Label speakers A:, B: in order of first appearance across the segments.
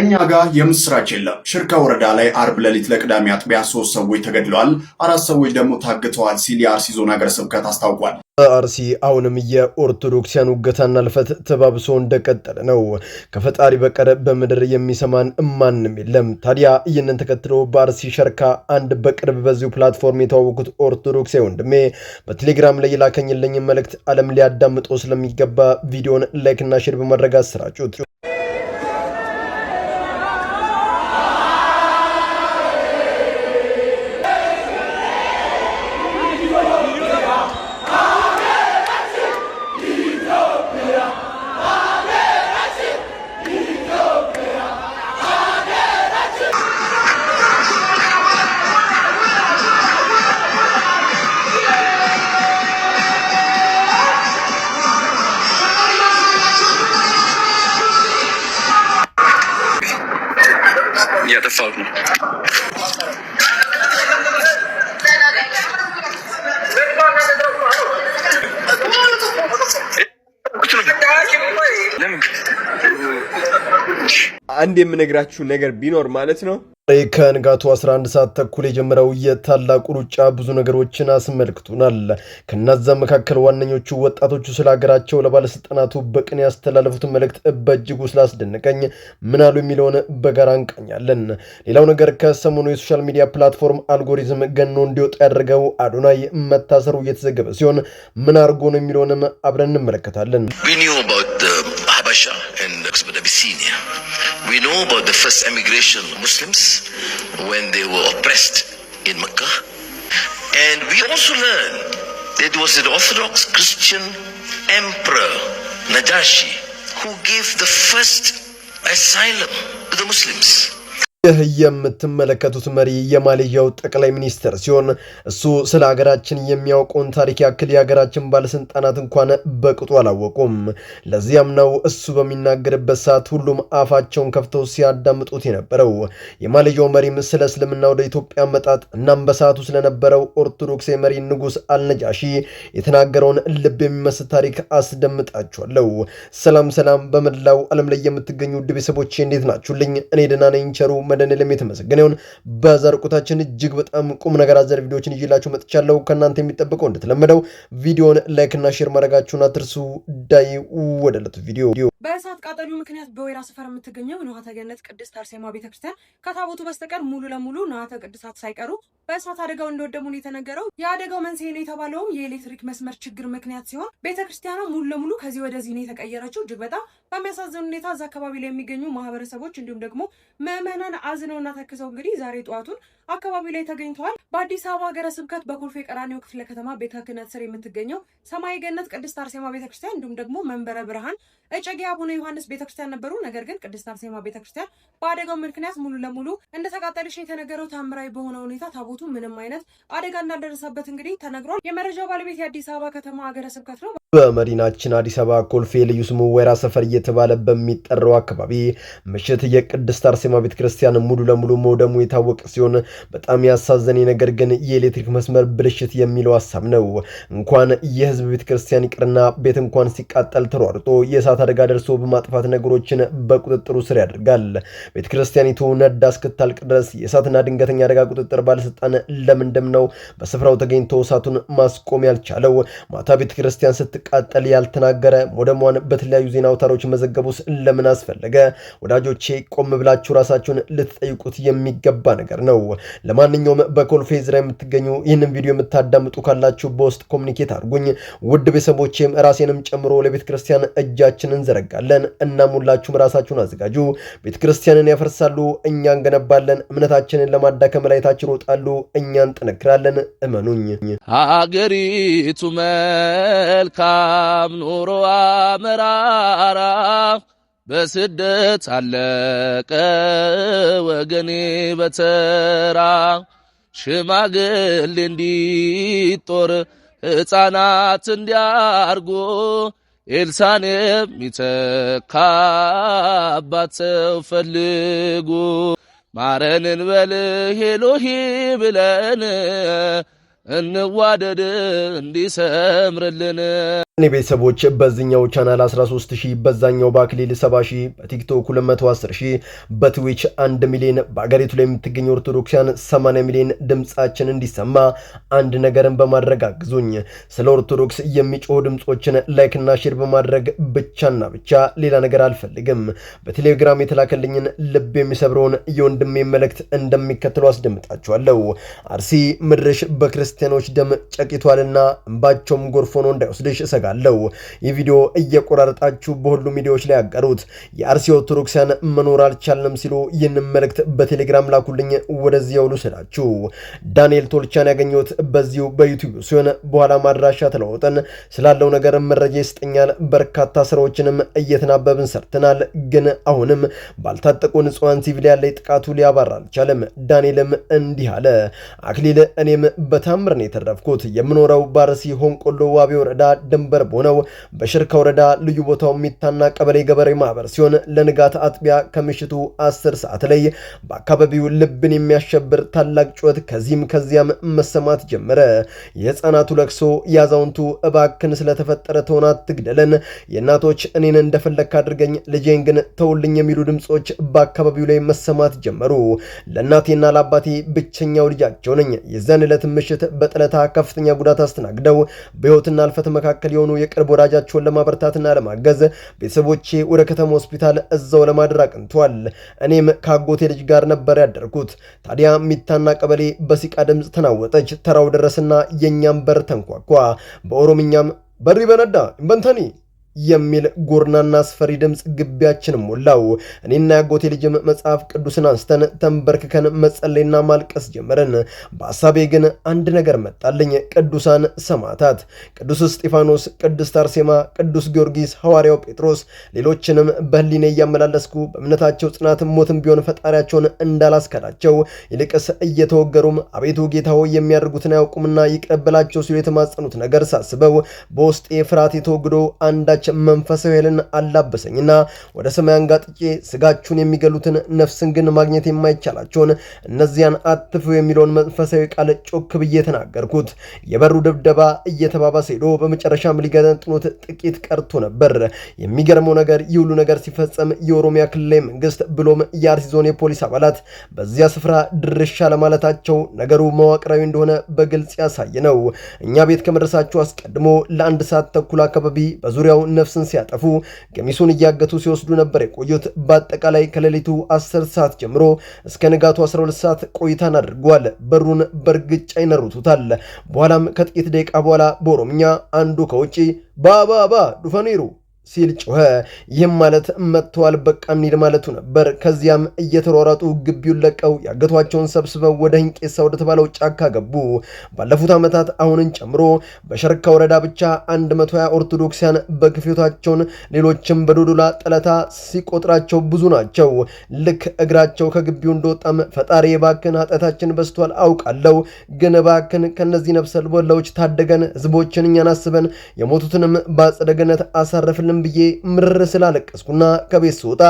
A: እኛ ጋር የምስራች የለም። ሽርካ ወረዳ ላይ አርብ ሌሊት ለቅዳሜ አጥቢያ ሶስት ሰዎች ተገድለዋል፣ አራት ሰዎች ደግሞ ታግተዋል ሲል የአርሲ ዞን ሀገረ ስብከት አስታውቋል። በአርሲ አሁንም የኦርቶዶክሲያን ውገታና ልፈት ተባብሶ እንደቀጠለ ነው። ከፈጣሪ በቀር በምድር የሚሰማን ማንም የለም። ታዲያ ይህንን ተከትሎ በአርሲ ሸርካ አንድ በቅርብ በዚሁ ፕላትፎርም የተዋወቁት ኦርቶዶክሳዊ ወንድሜ በቴሌግራም ላይ የላከኝልኝ መልእክት ዓለም ሊያዳምጦ ስለሚገባ ቪዲዮን ላይክና ሼር በማድረግ አሰራጩት። እየጠፋሁት ነው። አንድ የምነግራችሁ ነገር ቢኖር ማለት ነው ላይ ከንጋቱ 11 ሰዓት ተኩል የጀመረው የታላቁ ሩጫ ብዙ ነገሮችን አስመልክቱናል። ከነዛ መካከል ዋነኞቹ ወጣቶቹ ስለ ሀገራቸው ለባለስልጣናቱ በቅን ያስተላለፉትን መልእክት በእጅጉ ስላስደነቀኝ ምን የሚለውን በጋራ እንቃኛለን። ሌላው ነገር ከሰሞኑ የሶሻል ሚዲያ ፕላትፎርም አልጎሪዝም ገኖ እንዲወጣ ያደረገው አዶናይ መታሰሩ እየተዘገበ ሲሆን ምን አድርጎ ነው የሚለውንም አብረን እንመለከታለን።
B: Habasha and Abyssinia. We know about the first emigration of Muslims when they were oppressed in Mecca. And we also learn that it was an Orthodox Christian emperor, Najashi, who gave the first asylum to the Muslims.
A: ይህ የምትመለከቱት መሪ የማሌዥያው ጠቅላይ ሚኒስትር ሲሆን እሱ ስለ ሀገራችን የሚያውቀውን ታሪክ ያክል የሀገራችን ባለስልጣናት እንኳን በቅጡ አላወቁም። ለዚያም ነው እሱ በሚናገርበት ሰዓት ሁሉም አፋቸውን ከፍተው ሲያዳምጡት የነበረው። የማሌዥያው መሪም ስለ እስልምና ወደ ኢትዮጵያ መጣት እናም በሰዓቱ ስለነበረው ኦርቶዶክስ መሪ ንጉስ አልነጃሺ የተናገረውን ልብ የሚመስል ታሪክ አስደምጣችኋለሁ። ሰላም ሰላም፣ በመላው ዓለም ላይ የምትገኙ ውድ ቤተሰቦቼ እንዴት ናችሁልኝ? እኔ ደህና ነኝ። ቸሩ መድኃኒዓለም የተመሰገነ ይሁን። በዛሬው ቆይታችን እጅግ በጣም ቁም ነገር አዘል ቪዲዮዎችን ይዤላችሁ መጥቻለሁ። ከእናንተ የሚጠበቀው እንደተለመደው ቪዲዮን ላይክና ሼር ማድረጋችሁን አትርሱ። ዳይ ወደለት ቪዲዮ።
C: በእሳት ቃጠሎ ምክንያት በወይራ ሰፈር የምትገኘው ንዋተ ገነት ቅድስት አርሴማ ቤተክርስቲያን ከታቦቱ በስተቀር ሙሉ ለሙሉ ንዋያተ ቅድሳት ሳይቀሩ በእሳት አደጋው እንደወደሙ ነው የተነገረው። የአደጋው መንስኤ ነው የተባለውም የኤሌክትሪክ መስመር ችግር ምክንያት ሲሆን ቤተክርስቲያኗ ሙሉ ለሙሉ ከዚህ ወደዚህ ነው የተቀየረችው። እጅግ በጣም በሚያሳዝን ሁኔታ እዛ አካባቢ ላይ የሚገኙ ማህበረሰቦች እንዲሁም ደግሞ ምዕመናን አዝነውና ተክሰው እንግዲህ ዛሬ ጠዋቱን አካባቢ ላይ ተገኝተዋል። በአዲስ አበባ ሀገረ ስብከት በኮልፌ ቀራኒዮ ክፍለ ከተማ ቤተ ክህነት ስር የምትገኘው ሰማይ ገነት ቅድስት አርሴማ ቤተክርስቲያን እንዲሁም ደግሞ መንበረ ብርሃን እጨጌ አቡነ ዮሐንስ ቤተክርስቲያን ነበሩ። ነገር ግን ቅድስት አርሴማ ቤተክርስቲያን በአደጋው ምክንያት ሙሉ ለሙሉ እንደተቃጠለች የተነገረው ታምራዊ በሆነ ሁኔታ ታቦቱ ምንም አይነት አደጋ እንዳልደረሰበት እንግዲህ ተነግሯል። የመረጃው ባለቤት የአዲስ አበባ ከተማ ሀገረ ስብከት ነው።
A: በመዲናችን አዲስ አበባ ኮልፌ ልዩ ስሙ ወይራ ሰፈር እየተባለ በሚጠራው አካባቢ ምሽት የቅድስት አርሴማ ቤተክርስቲያን ቤተክርስቲያን ሙሉ ለሙሉ መውደሙ የታወቀ ሲሆን በጣም ያሳዘኔ ነገር ግን የኤሌክትሪክ መስመር ብልሽት የሚለው ሀሳብ ነው። እንኳን የህዝብ ቤተክርስቲያን ይቅርና ቤት እንኳን ሲቃጠል ተሯርጦ የእሳት አደጋ ደርሶ በማጥፋት ነገሮችን በቁጥጥሩ ስር ያደርጋል። ቤተክርስቲያኒቱ ነዳ እስክታልቅ ድረስ የእሳትና ድንገተኛ አደጋ ቁጥጥር ባለስልጣን ለምንድም ነው በስፍራው ተገኝቶ እሳቱን ማስቆም ያልቻለው? ማታ ቤተክርስቲያን ስትቃጠል ያልተናገረ ሞደሟን በተለያዩ ዜና አውታሮች መዘገቡስ ለምን አስፈለገ? ወዳጆቼ ቆም ብላችሁ ራሳችሁን ልትጠይቁት የሚገባ ነገር ነው። ለማንኛውም በኮልፌ ዝራ የምትገኙ ይህንን ቪዲዮ የምታዳምጡ ካላችሁ በውስጥ ኮሚኒኬት አድርጉኝ። ውድ ቤተሰቦቼም ራሴንም ጨምሮ ለቤተ ክርስቲያን እጃችን እንዘረጋለን። እናም ሁላችሁም ራሳችሁን አዘጋጁ። ቤተ ክርስቲያንን ያፈርሳሉ፣ እኛ እንገነባለን። እምነታችንን ለማዳከም ላይ ታች እኛ እንጠነክራለን። እመኑኝ።
D: አገሪቱ መልካም ኑሮ አመራራ በስደት አለቀ ወገኔ በተራ ሽማግሌ እንዲጦር ሕፃናት እንዲያርጎ ኤልሳን የሚተካ አባት ፈልጉ። ማረንን በልህ ሄሎሂ ብለን እንዋደድ እንዲሰምርልን
A: እኔ ቤተሰቦች በዚኛው ቻናል 13 ሺህ በዛኛው በአክሊል 70 ሺህ በቲክቶክ 210 ሺህ በትዊች 1 ሚሊዮን በአገሪቱ ላይ የምትገኝ ኦርቶዶክሲያን 80 ሚሊዮን ድምፃችን እንዲሰማ አንድ ነገርን በማድረግ አግዙኝ። ስለ ኦርቶዶክስ የሚጮሁ ድምፆችን ላይክና ሼር በማድረግ ብቻና ብቻ ሌላ ነገር አልፈልግም። በቴሌግራም የተላከልኝን ልብ የሚሰብረውን የወንድሜ መልእክት እንደሚከተሉ አስደምጣችኋለሁ። አርሲ ምድርሽ በክርስቲ ክርስቲያኖች ደም ጨቂቷልና እንባቸውም ጎርፎ ነው እንዳይወስድሽ እሰጋለሁ። ይህ ቪዲዮ እየቆራረጣችሁ በሁሉ ሚዲያዎች ላይ ያቀሩት የአርሲ ኦርቶዶክሲያን መኖር አልቻለም ሲሉ ይህንን መልእክት በቴሌግራም ላኩልኝ። ወደዚያ ውሉ ስላችሁ ዳንኤል ቶልቻን ያገኘሁት በዚሁ በዩቲዩብ ሲሆን በኋላ ማድራሻ ተለወጠን ስላለው ነገር መረጃ ይስጠኛል። በርካታ ስራዎችንም እየተናበብን ሰርተናል። ግን አሁንም ባልታጠቁ ንጹሐን ሲቪሊያን ላይ ጥቃቱ ሊያባራ አልቻለም። ዳንኤልም እንዲህ አለ አክሊል እኔም በታም ጭምር ነው የተረፍኩት። የምኖረው ባርሲ ሆንቆሎ ዋቢ ወረዳ ድንበር በሆነው በሽርካ ወረዳ ልዩ ቦታው የሚታና ቀበሌ ገበሬ ማህበር ሲሆን ለንጋት አጥቢያ ከምሽቱ አስር ሰዓት ላይ በአካባቢው ልብን የሚያሸብር ታላቅ ጩኸት ከዚህም ከዚያም መሰማት ጀመረ። የህፃናቱ ለቅሶ፣ የአዛውንቱ እባክን ስለተፈጠረ ተሆና ትግደለን፣ የእናቶች እኔን እንደፈለግክ አድርገኝ ልጄን ግን ተውልኝ የሚሉ ድምፆች በአካባቢው ላይ መሰማት ጀመሩ። ለእናቴና ለአባቴ ብቸኛው ልጃቸው ነኝ። የዚያን ዕለት ምሽት በጥለታ ከፍተኛ ጉዳት አስተናግደው በህይወትና አልፈት መካከል የሆኑ የቅርብ ወዳጃቸውን ለማበርታትና ለማገዝ ቤተሰቦቼ ወደ ከተማ ሆስፒታል እዛው ለማደር አቅንቷል። እኔም ከአጎቴ ልጅ ጋር ነበር ያደርኩት። ታዲያ ሚታና ቀበሌ በሲቃ ድምፅ ተናወጠች። ተራው ደረስና የእኛም በር ተንኳኳ። በኦሮምኛም በሪ በነዳ ኢንበንተኒ የሚል ጎርናና አስፈሪ ድምፅ ግቢያችን ሞላው። እኔና ያጎቴ ልጅም መጽሐፍ ቅዱስን አንስተን ተንበርክከን መጸለይና ማልቀስ ጀመርን። በሐሳቤ ግን አንድ ነገር መጣልኝ። ቅዱሳን ሰማዕታት፣ ቅዱስ እስጢፋኖስ፣ ቅድስት አርሴማ፣ ቅዱስ ጊዮርጊስ፣ ሐዋርያው ጴጥሮስ፣ ሌሎችንም በህሊኔ እያመላለስኩ በእምነታቸው ጽናት ሞትም ቢሆን ፈጣሪያቸውን እንዳላስከዳቸው ይልቅስ እየተወገሩም አቤቱ ጌታ ሆይ የሚያደርጉትን አያውቁምና ይቅር ሲሉ የተማጸኑት ነገር ሳስበው በውስጤ ፍርሃት የተወግዶ አንዳች መንፈሳዊ ኃይልን አላበሰኝና ወደ ሰማይ አንጋጥጬ ስጋችሁን የሚገሉትን ነፍስን ግን ማግኘት የማይቻላቸውን እነዚያን አትፍሩ የሚለውን መንፈሳዊ ቃል ጮክ ብዬ ተናገርኩት። የበሩ ድብደባ እየተባባሰ ሄዶ በመጨረሻም ሊገነጥሉት ጥቂት ቀርቶ ነበር። የሚገርመው ነገር ይህ ሁሉ ነገር ሲፈጸም የኦሮሚያ ክልላዊ መንግስት ብሎም የአርሲ ዞን የፖሊስ አባላት በዚያ ስፍራ ድርሻ ለማለታቸው ነገሩ መዋቅራዊ እንደሆነ በግልጽ ያሳይ ነው። እኛ ቤት ከመድረሳችሁ አስቀድሞ ለአንድ ሰዓት ተኩል አካባቢ በዙሪያው ነፍስን ሲያጠፉ ገሚሱን እያገቱ ሲወስዱ ነበር የቆዩት። በአጠቃላይ ከሌሊቱ 10 ሰዓት ጀምሮ እስከ ንጋቱ 12 ሰዓት ቆይታን አድርጓል። በሩን በእርግጫ ይነሩቱታል። በኋላም ከጥቂት ደቂቃ በኋላ በኦሮምኛ አንዱ ከውጪ ባባባ ዱፈኒሩ ሲል ጮኸ። ይህም ማለት መጥተዋል፣ በቃ ማለቱ ነበር። ከዚያም እየተሯሯጡ ግቢውን ለቀው ያገቷቸውን ሰብስበው ወደ ህንቄሳ ወደተባለው ጫካ ገቡ። ባለፉት ዓመታት አሁንን ጨምሮ በሸርካ ወረዳ ብቻ 120 ኦርቶዶክሲያን በክፊታቸውን ሌሎችም በዶዶላ ጠለታ ሲቆጥራቸው ብዙ ናቸው። ልክ እግራቸው ከግቢው እንደወጣም ፈጣሪ የባክን ኃጢአታችን በስቷል አውቃለሁ፣ ግን ባክን ከእነዚህ ነፍሰ ልቦለዎች ታደገን፣ ህዝቦችን እኛን አስበን የሞቱትንም በአጸደ ገነት አሳረፍልን የለም ብዬ ምርር ስላለቀስኩና ከቤት ስወጣ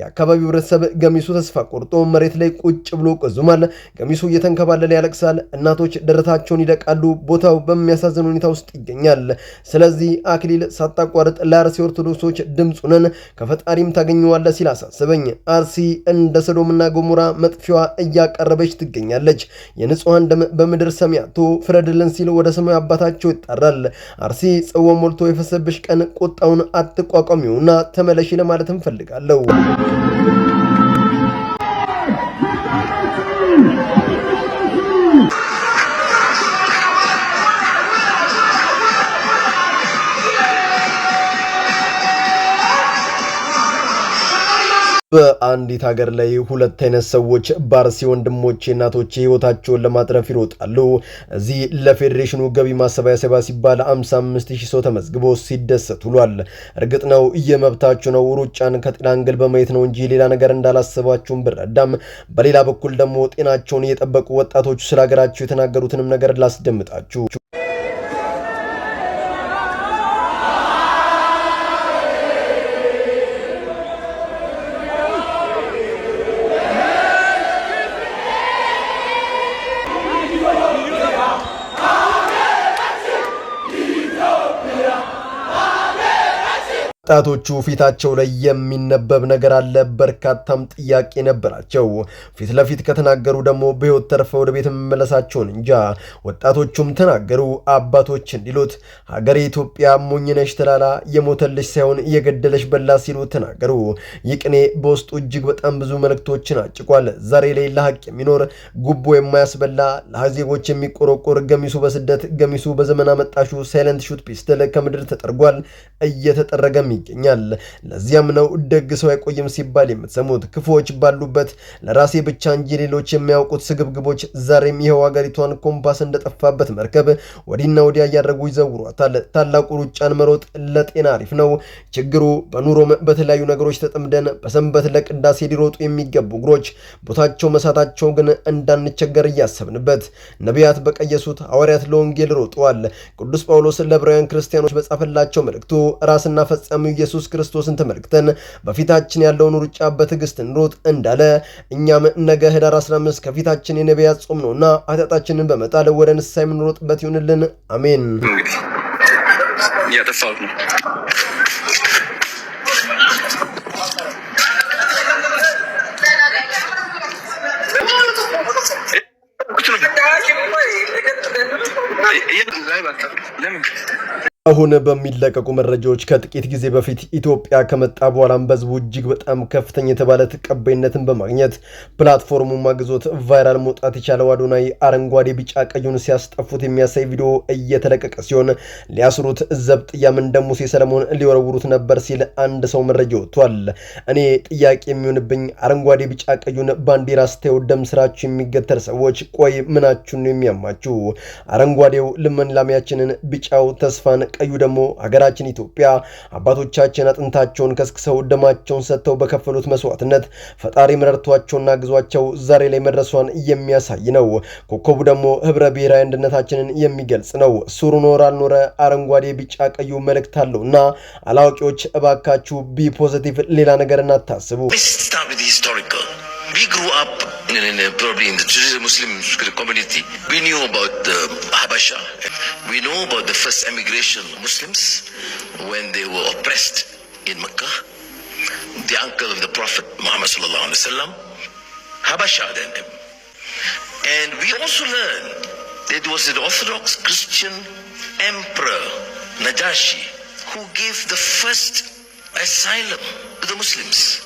A: የአካባቢው ህብረተሰብ ገሚሱ ተስፋ ቆርጦ መሬት ላይ ቁጭ ብሎ ቀዙማል። ገሚሱ እየተንከባለለ ያለቅሳል። እናቶች ደረታቸውን ይደቃሉ። ቦታው በሚያሳዝን ሁኔታ ውስጥ ይገኛል። ስለዚህ አክሊል ሳታቋርጥ ለአርሲ ኦርቶዶክሶች ድምፅ ነን፣ ከፈጣሪም ታገኘዋለ ሲል አሳስበኝ። አርሲ እንደ ሰዶምና ገሞራ መጥፊያዋ እያቀረበች ትገኛለች። የንጹሐን ደም በምድር ሰሚያቶ ፍረድልን ሲል ወደ ሰማዩ አባታቸው ይጣራል። አርሲ ጽዋ ሞልቶ የፈሰብሽ ቀን ቁጣውን አት ትቋቋሚውና ተመለሺ ለማለት እንፈልጋለሁ። በአንዲት ሀገር ላይ ሁለት አይነት ሰዎች ባርሲ ወንድሞቼ እናቶቼ ህይወታቸውን ለማትረፍ ይሮጣሉ። እዚህ ለፌዴሬሽኑ ገቢ ማሰባሰቢያ ሲባል 55000 ሰው ተመዝግቦ ሲደሰት ውሏል። እርግጥ ነው እየመብታችሁ ነው፣ ሩጫን ከጤና አንግል በማየት ነው እንጂ ሌላ ነገር እንዳላሰባችሁም ብረዳም፣ በሌላ በኩል ደግሞ ጤናቸውን እየጠበቁ ወጣቶቹ ስለ ሀገራቸው የተናገሩትንም ነገር ላስደምጣችሁ። ወጣቶቹ ፊታቸው ላይ የሚነበብ ነገር አለ። በርካታም ጥያቄ ነበራቸው። ፊት ለፊት ከተናገሩ ደግሞ በሕይወት ተርፈ ወደ ቤት መመለሳቸውን እንጃ። ወጣቶቹም ተናገሩ። አባቶች እንዲሉት ሀገሬ ኢትዮጵያ ሞኝነሽ ተላላ የሞተልሽ ሳይሆን የገደለሽ በላ ሲሉ ተናገሩ። ይህ ቅኔ በውስጡ እጅግ በጣም ብዙ መልእክቶችን አጭቋል። ዛሬ ላይ ለሀቅ የሚኖር ጉቦ የማያስበላ ለዜጎች የሚቆረቆር ገሚሱ በስደት ገሚሱ በዘመን አመጣሹ ሳይለንት ሹት ፒስትል ከምድር ተጠርጓል እየተጠረገም ይገኛል። ለዚያም ነው ደግ ሰው አይቆይም ሲባል የምትሰሙት። ክፉዎች ባሉበት ለራሴ ብቻ እንጂ ሌሎች የሚያውቁት ስግብግቦች ዛሬም ይኸው ሀገሪቷን ኮምፓስ እንደጠፋበት መርከብ ወዲና ወዲያ እያደረጉ ይዘውሯታል። ታላቁ ሩጫን መሮጥ ለጤና አሪፍ ነው። ችግሩ በኑሮም በተለያዩ ነገሮች ተጠምደን በሰንበት ለቅዳሴ ሊሮጡ የሚገቡ እግሮች ቦታቸው መሳታቸው ግን እንዳንቸገር እያሰብንበት ነቢያት በቀየሱት ሐዋርያት ለወንጌል ሮጠዋል። ቅዱስ ጳውሎስ ለዕብራውያን ክርስቲያኖች በጻፈላቸው መልእክቱ ራስና ፈጻሚ ኢየሱስ ክርስቶስን ተመልክተን በፊታችን ያለውን ሩጫ በትዕግስት እንሮጥ እንዳለ እኛም ነገ ህዳር 15 ከፊታችን የነቢያት ጾም ነውና ኃጢአታችንን በመጣል ወደ ንስሐ የምንሮጥበት ይሁንልን። አሜን። እያጠፋሁት ነው። አሁን በሚለቀቁ መረጃዎች ከጥቂት ጊዜ በፊት ኢትዮጵያ ከመጣ በኋላም በህዝቡ እጅግ በጣም ከፍተኛ የተባለ ተቀባይነትን በማግኘት ፕላትፎርሙ ማግዞት ቫይራል መውጣት የቻለው አዶናይ አረንጓዴ፣ ቢጫ ቀዩን ሲያስጠፉት የሚያሳይ ቪዲዮ እየተለቀቀ ሲሆን ሊያስሩት ዘብጥያም እንደ ሙሴ ሰለሞን ሊወረውሩት ነበር ሲል አንድ ሰው መረጃ ወጥቷል። እኔ ጥያቄ የሚሆንብኝ አረንጓዴ፣ ቢጫ ቀዩን ባንዲራ ስታዩ ደም ስራችሁ የሚገተር ሰዎች ቆይ ምናችሁን የሚያማችሁ? አረንጓዴው ልምላሜያችንን፣ ቢጫው ተስፋን ቀዩ ደግሞ ሀገራችን ኢትዮጵያ አባቶቻችን አጥንታቸውን ከስክሰው ደማቸውን ሰጥተው በከፈሉት መስዋዕትነት ፈጣሪ መረድቷቸውና ግዟቸው ዛሬ ላይ መድረሷን የሚያሳይ ነው። ኮከቡ ደግሞ ህብረ ብሔራዊ አንድነታችንን የሚገልጽ ነው። ሱሩ ኖር አልኖረ አረንጓዴ፣ ቢጫ፣ ቀዩ መልእክት አለውና አላዋቂዎች እባካችሁ ቢ ፖዘቲቭ ሌላ ነገርን አታስቡ።
B: we grew up in, in, in uh, probably in the Muslim community. We knew about the um, Habasha. We know about the first emigration Muslims when they were oppressed in Mecca. The uncle of the Prophet Muhammad sallallahu alaihi wasallam, Habasha then. And we also learned that it was an Orthodox Christian emperor Najashi who gave the first asylum to the Muslims.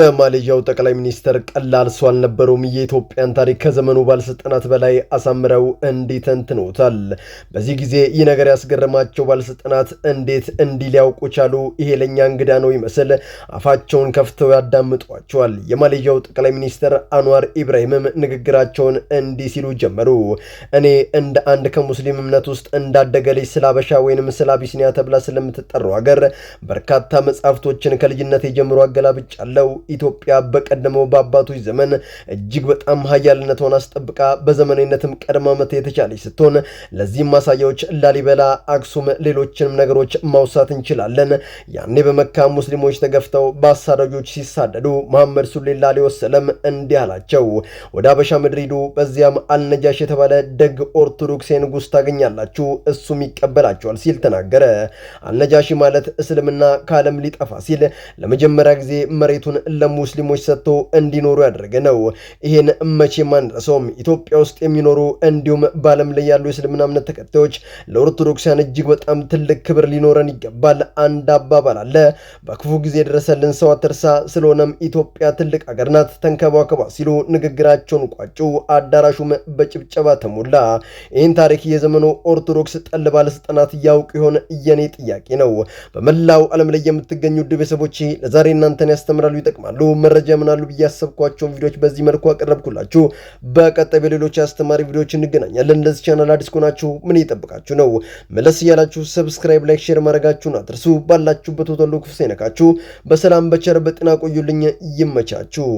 A: በማሌዥያው ጠቅላይ ሚኒስተር ቀላል ሰው አልነበሩም። የኢትዮጵያን ታሪክ ከዘመኑ ባለስልጣናት በላይ አሳምረው እንዲህ ተንትነውታል። በዚህ ጊዜ ይህ ነገር ያስገረማቸው ባለስልጣናት እንዴት እንዲህ ሊያውቁ ቻሉ? ይሄ ለእኛ እንግዳ ነው ይመስል አፋቸውን ከፍተው ያዳምጧቸዋል። የማሌዥያው ጠቅላይ ሚኒስተር አንዋር ኢብራሂምም ንግግራቸውን እንዲህ ሲሉ ጀመሩ። እኔ እንደ አንድ ከሙስሊም እምነት ውስጥ እንዳደገ ልጅ ስለ አበሻ ወይንም ስለ አቢሲኒያ ተብላ ስለምትጠራው ሀገር በርካታ መጽሐፍቶችን ከልጅነት የጀምሮ አገላብጫ አለው ኢትዮጵያ በቀደመው በአባቶች ዘመን እጅግ በጣም ሀያልነቷን አስጠብቃ በዘመናዊነትም ቀድማ መት የተቻለች ስትሆን ለዚህም ማሳያዎች ላሊበላ፣ አክሱም፣ ሌሎችንም ነገሮች ማውሳት እንችላለን። ያኔ በመካ ሙስሊሞች ተገፍተው በአሳዳጆች ሲሳደዱ መሐመድ ሱሌላ ሌ ወሰለም እንዲህ አላቸው፣ ወደ አበሻ ምድር ሂዱ፣ በዚያም አልነጃሽ የተባለ ደግ ኦርቶዶክስ ንጉሥ ታገኛላችሁ፣ እሱም ይቀበላቸዋል ሲል ተናገረ። አልነጃሺ ማለት እስልምና ከዓለም ሊጠፋ ሲል ለመጀመሪያ ጊዜ መሬቱን ለሙስሊሞች ሰጥቶ እንዲኖሩ ያደረገ ነው። ይህን መቼም አንረሳውም። ኢትዮጵያ ውስጥ የሚኖሩ እንዲሁም በዓለም ላይ ያሉ የእስልምና እምነት ተከታዮች ለኦርቶዶክሳን እጅግ በጣም ትልቅ ክብር ሊኖረን ይገባል። አንድ አባባል አለ፣ በክፉ ጊዜ የደረሰልን ሰው አትርሳ። ስለሆነም ኢትዮጵያ ትልቅ አገር ናት፣ ተንከባከባ ሲሉ ንግግራቸውን ቋጩ። አዳራሹም በጭብጨባ ተሞላ። ይህን ታሪክ የዘመኑ ኦርቶዶክስ ጠል ባለስልጣናት ያውቅ ይሆን? የኔ ጥያቄ ነው። በመላው ዓለም ላይ የምትገኙ ውድ ቤተሰቦቼ ለዛሬ እናንተን ያስተምራሉ፣ ይጠቅማል ይጠቅማሉ መረጃ ምናሉ ብዬ ያሰብኳቸውን ቪዲዮዎች በዚህ መልኩ አቀረብኩላችሁ። በቀጣይ በሌሎች አስተማሪ ቪዲዮዎች እንገናኛለን። ለዚህ ቻናል አዲስ ከሆናችሁ ምን እየጠበቃችሁ ነው? መለስ እያላችሁ ሰብስክራይብ፣ ላይክ፣ ሼር ማድረጋችሁን አድርሱ። ባላችሁበት ሆተሉ ክፉ ሳይነካችሁ በሰላም በቸር በጤና ቆዩልኝ። ይመቻችሁ።